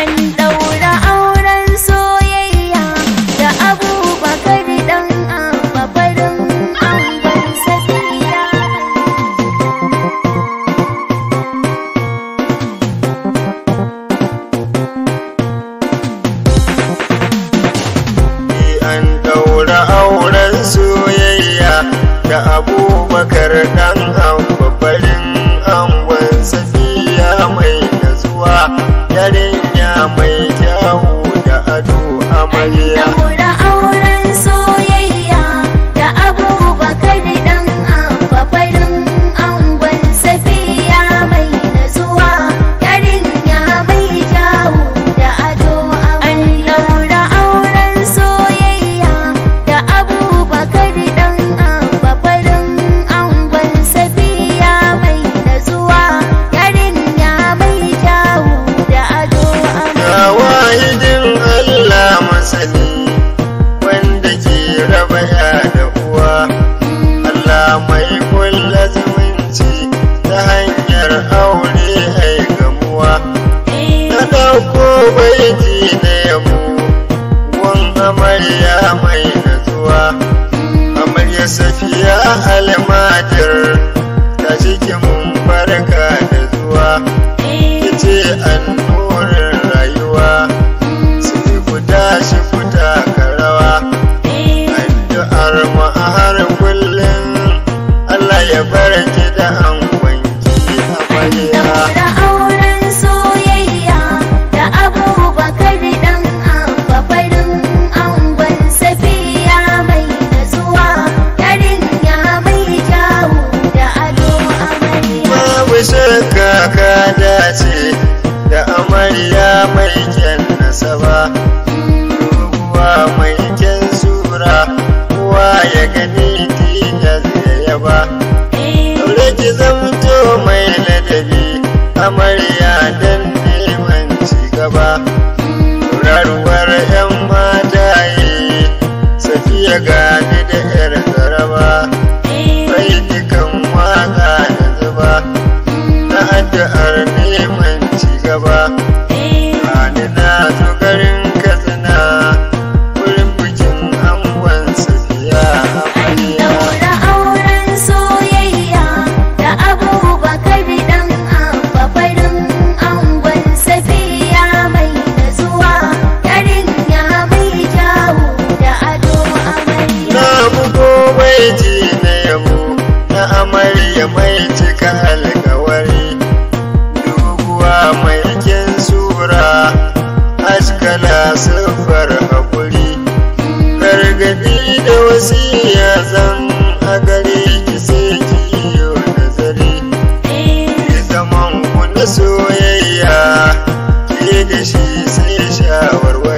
and har mu कमर da shi a warware.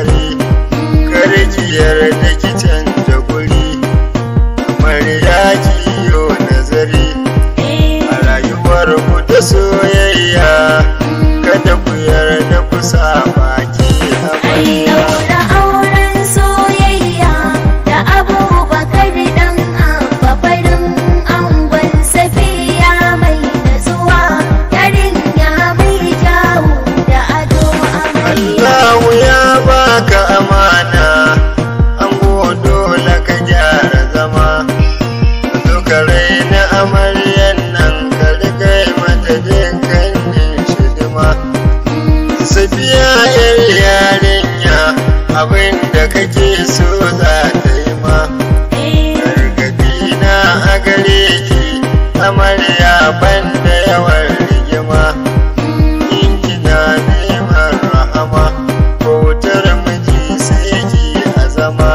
abin da kake so za ta yi ma gargadi na a gare ki amarya ban da yawan rigima in kina neman rahama bautar miji sai ki azama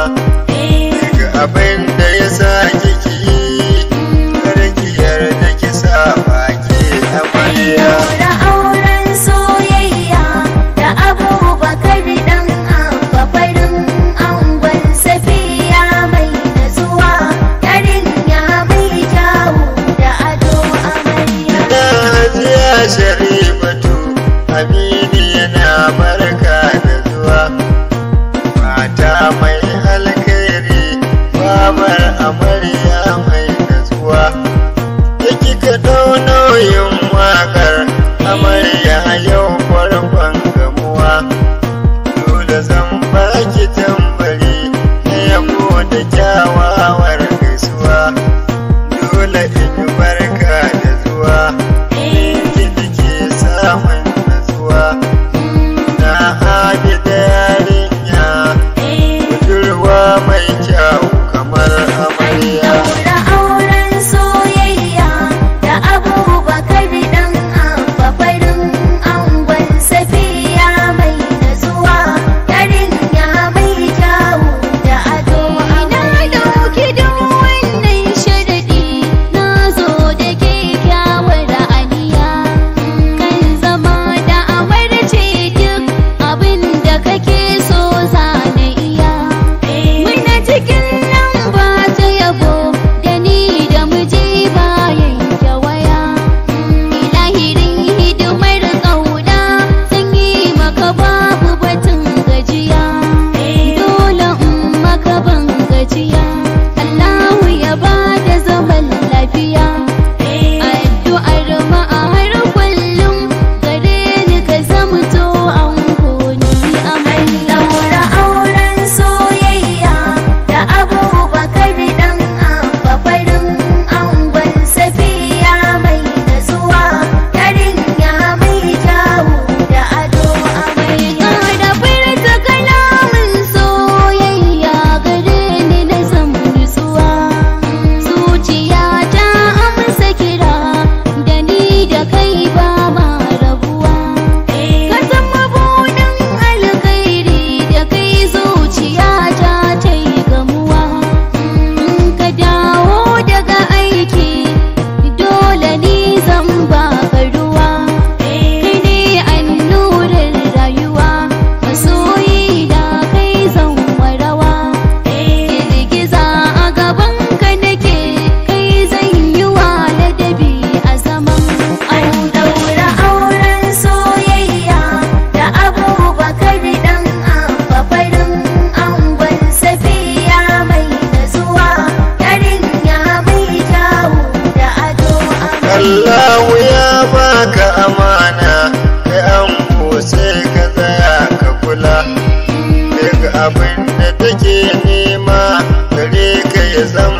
take nema kare ka ya zama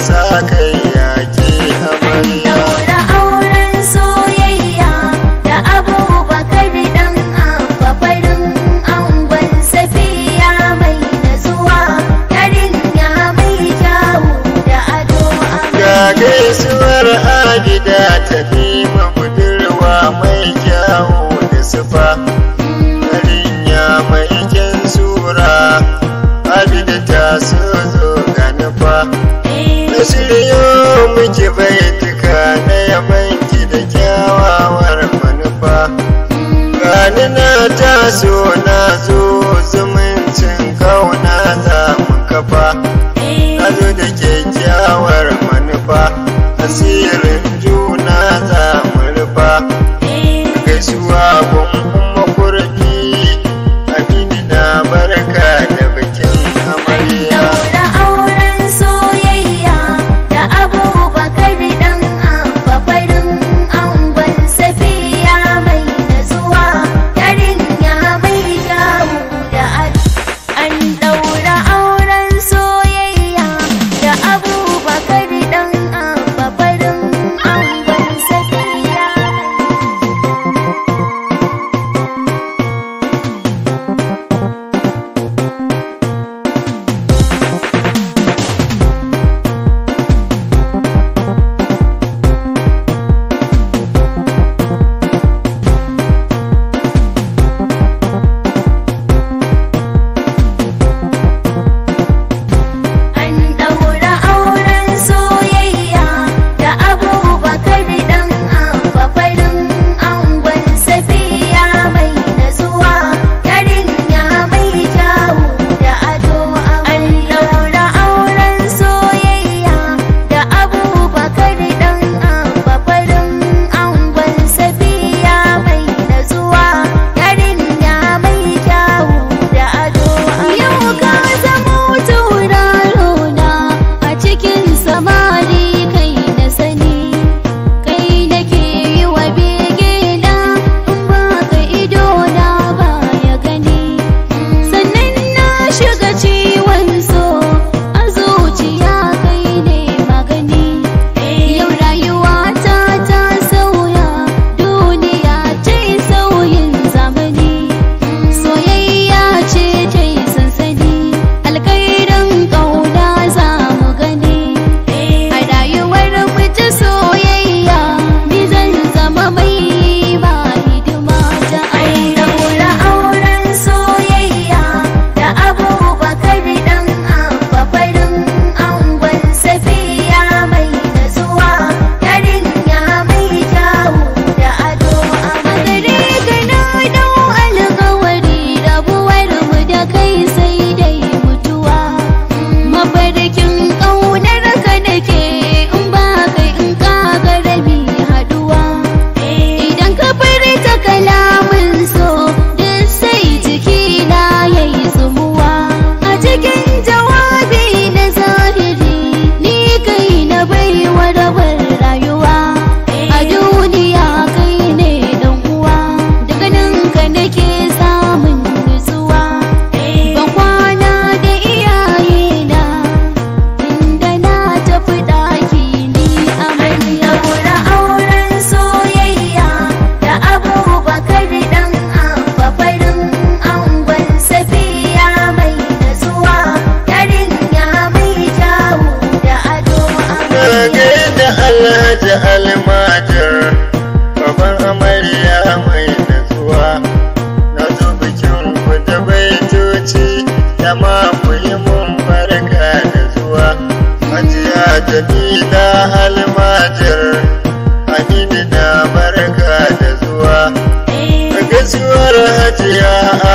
sa za mu ba Yeah.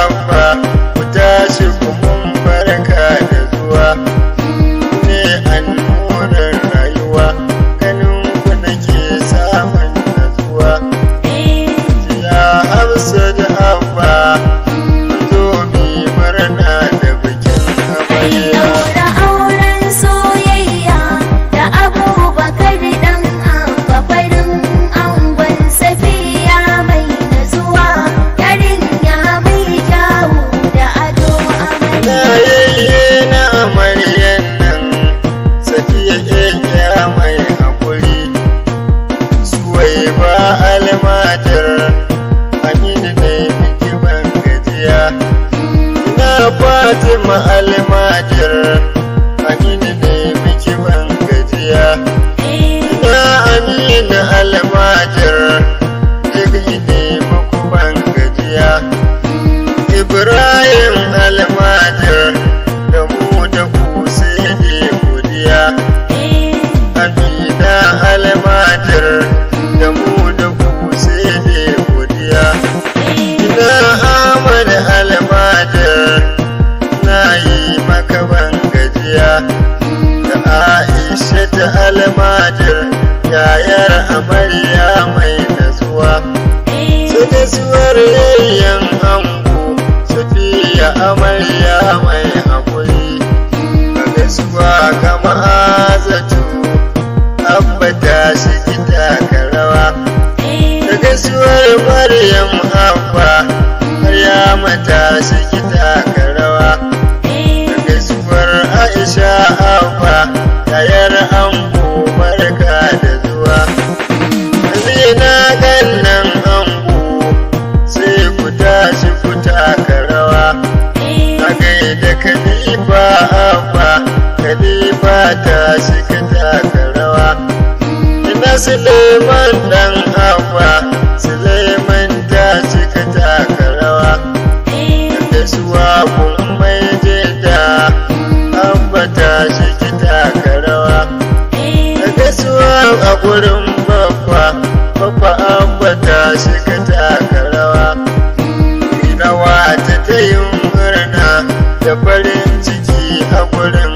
yeah. mata sun yi taka rawa gaisuwar aisha abba yayar ango barka da zuwa zina gannan ango sai ku tashi ku taka rawa a gaida kalifa abba kalifa ta shiga taka rawa ina suleiman dan abba suleiman a gurin babba babba ambata shi shiga taka rawa nawa ta ta yin murna da farin ciki a gurin